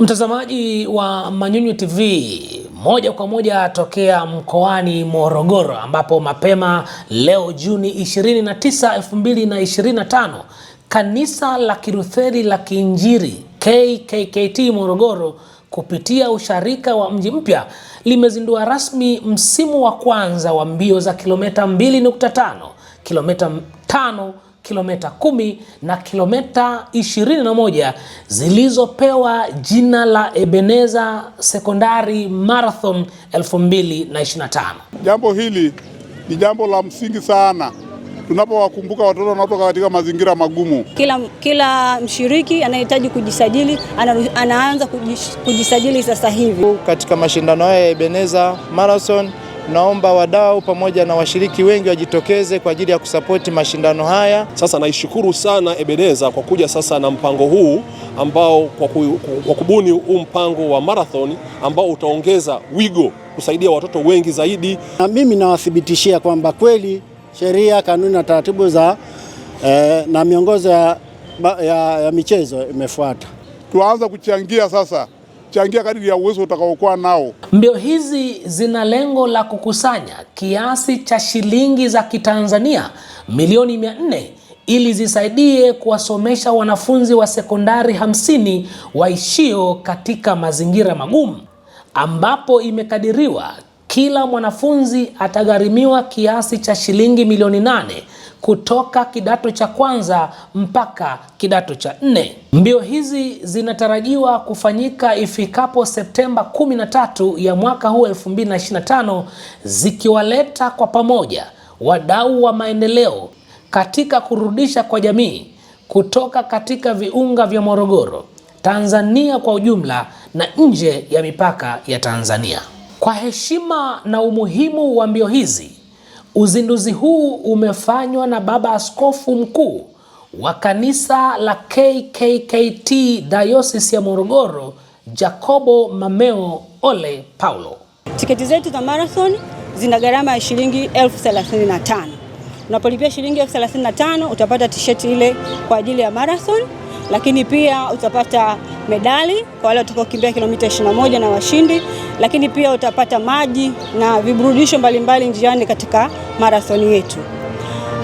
Mtazamaji wa Manyunyu TV moja kwa moja tokea mkoani Morogoro ambapo mapema leo Juni 29, 2025 kanisa la Kilutheri la Kiinjili KKKT Morogoro kupitia usharika wa Mji Mpya limezindua rasmi msimu wa kwanza wa mbio za kilomita 2.5 kilomita 5 kilomita kumi na kilomita ishirini na moja zilizopewa jina la Ebeneza Sekondari Marathon 2025. Jambo hili ni jambo la msingi sana tunapowakumbuka watoto wanaotoka katika mazingira magumu. Kila, kila mshiriki anahitaji kujisajili, ana, anaanza kujisajili sasa hivi katika mashindano haya ya Ebeneza Marathon naomba wadau pamoja na washiriki wengi wajitokeze kwa ajili ya kusapoti mashindano haya. Sasa naishukuru sana Ebeneza kwa kuja sasa na mpango huu ambao kwa, ku, kwa kubuni huu mpango wa marathon ambao utaongeza wigo kusaidia watoto wengi zaidi, na mimi nawathibitishia kwamba kweli sheria, kanuni na taratibu za eh, na miongozo ya, ya, ya michezo imefuata. Tuanza kuchangia sasa changia kadiri ya uwezo utakaokuwa nao. Mbio hizi zina lengo la kukusanya kiasi cha shilingi za Kitanzania milioni mia ili zisaidie kuwasomesha wanafunzi wa sekondari hamsini waishio katika mazingira magumu ambapo imekadiriwa kila mwanafunzi atagharimiwa kiasi cha shilingi milioni nane kutoka kidato cha kwanza mpaka kidato cha nne. Mbio hizi zinatarajiwa kufanyika ifikapo Septemba 13 ya mwaka huu 2025 zikiwaleta kwa pamoja wadau wa maendeleo katika kurudisha kwa jamii kutoka katika viunga vya Morogoro, Tanzania kwa ujumla na nje ya mipaka ya Tanzania. Kwa heshima na umuhimu wa mbio hizi Uzinduzi huu umefanywa na Baba Askofu Mkuu wa kanisa la KKKT Dayosisi ya Morogoro, Jacobo Mameo Ole Paulo. Tiketi zetu za marathon zina gharama ya shilingi elfu thelathini na tano. Unapolipia shilingi elfu thelathini na tano utapata tisheti ile kwa ajili ya marathon, lakini pia utapata medali kwa wale watakaokimbia kilomita 21 na washindi, lakini pia utapata maji na viburudisho mbalimbali njiani katika marathoni yetu.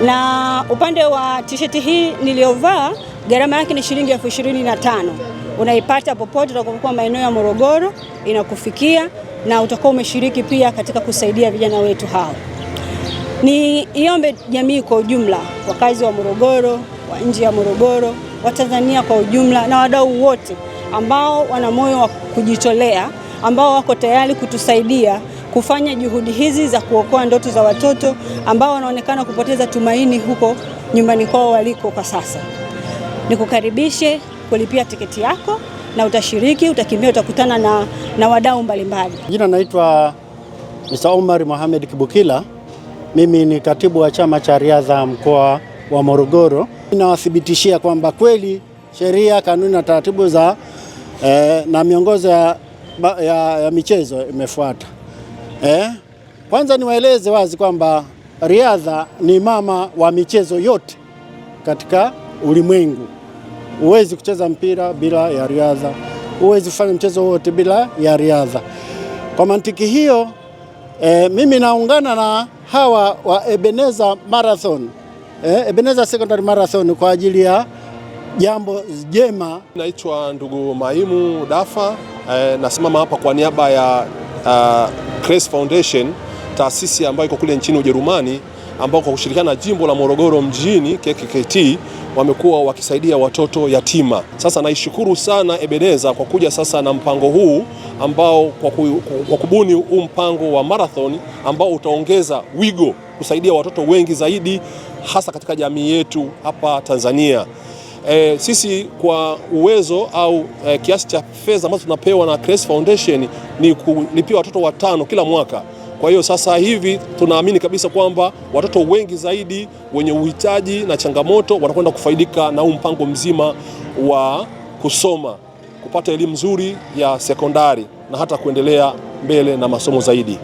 Na upande wa tisheti hii niliyovaa, gharama yake ni shilingi elfu ishirini na tano. Unaipata popote utakapokuwa maeneo ya Morogoro, inakufikia na utakuwa umeshiriki pia katika kusaidia vijana wetu hao. Ni iombe jamii kwa ujumla, wakazi wa Morogoro, wa nje ya Morogoro, Watanzania kwa ujumla na wadau wote ambao wana moyo wa kujitolea ambao wako tayari kutusaidia kufanya juhudi hizi za kuokoa ndoto za watoto ambao wanaonekana kupoteza tumaini huko nyumbani kwao waliko kwa sasa. Nikukaribishe kulipia tiketi yako na utashiriki, utakimbia, utakutana na, na wadau mbalimbali. Jina naitwa Mr. Omar Mohamed Kibukila. Mimi ni katibu wa chama cha riadha mkoa wa Morogoro. Ninawathibitishia kwamba kweli sheria, kanuni na taratibu za eh, na miongozo ya ya, ya michezo imefuata eh? Kwanza niwaeleze wazi kwamba riadha ni mama wa michezo yote katika ulimwengu. Huwezi kucheza mpira bila ya riadha, huwezi kufanya mchezo wote bila ya riadha. Kwa mantiki hiyo eh, mimi naungana na hawa wa Ebeneza Marathon eh, Ebeneza Secondary Marathon kwa ajili ya jambo jema. Naitwa ndugu Maimu Dafa eh, nasimama hapa kwa niaba ya uh, Foundation, taasisi ambayo iko kule nchini Ujerumani ambao kwa kushirikiana na jimbo la Morogoro mjini KKKT wamekuwa wakisaidia watoto yatima. Sasa naishukuru sana Ebeneza kwa kuja sasa na mpango huu ambao kwa, kwa kubuni huu mpango wa marathon ambao utaongeza wigo kusaidia watoto wengi zaidi hasa katika jamii yetu hapa Tanzania e, sisi kwa uwezo au e, kiasi cha fedha ambazo tunapewa na Crest Foundation ni kulipia watoto watano kila mwaka. Kwa hiyo sasa hivi tunaamini kabisa kwamba watoto wengi zaidi wenye uhitaji na changamoto watakwenda kufaidika na huu mpango mzima wa kusoma, kupata elimu nzuri ya sekondari na hata kuendelea mbele na masomo zaidi.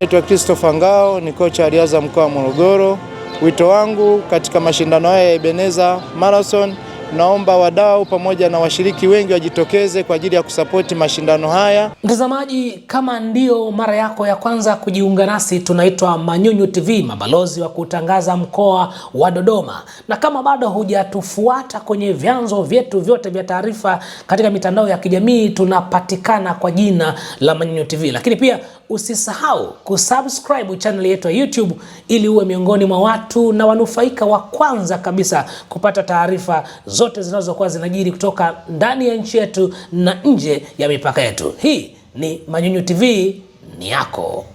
Naitwa Christopher Ngao, ni kocha wa riaza mkoa wa Morogoro. Wito wangu katika mashindano haya ya Ebeneza Marathon naomba wadau pamoja na washiriki wengi wajitokeze kwa ajili ya kusapoti mashindano haya. Mtazamaji, kama ndio mara yako ya kwanza kujiunga nasi, tunaitwa Manyunyu TV, mabalozi wa kutangaza mkoa wa Dodoma, na kama bado hujatufuata kwenye vyanzo vyetu vyote vya taarifa katika mitandao ya kijamii, tunapatikana kwa jina la Manyunyu TV, lakini pia usisahau kusubscribe channel yetu ya YouTube ili uwe miongoni mwa watu na wanufaika wa kwanza kabisa kupata taarifa zote zinazokuwa zinajiri kutoka ndani ya nchi yetu na nje ya mipaka yetu. Hii ni Manyunyu TV ni yako.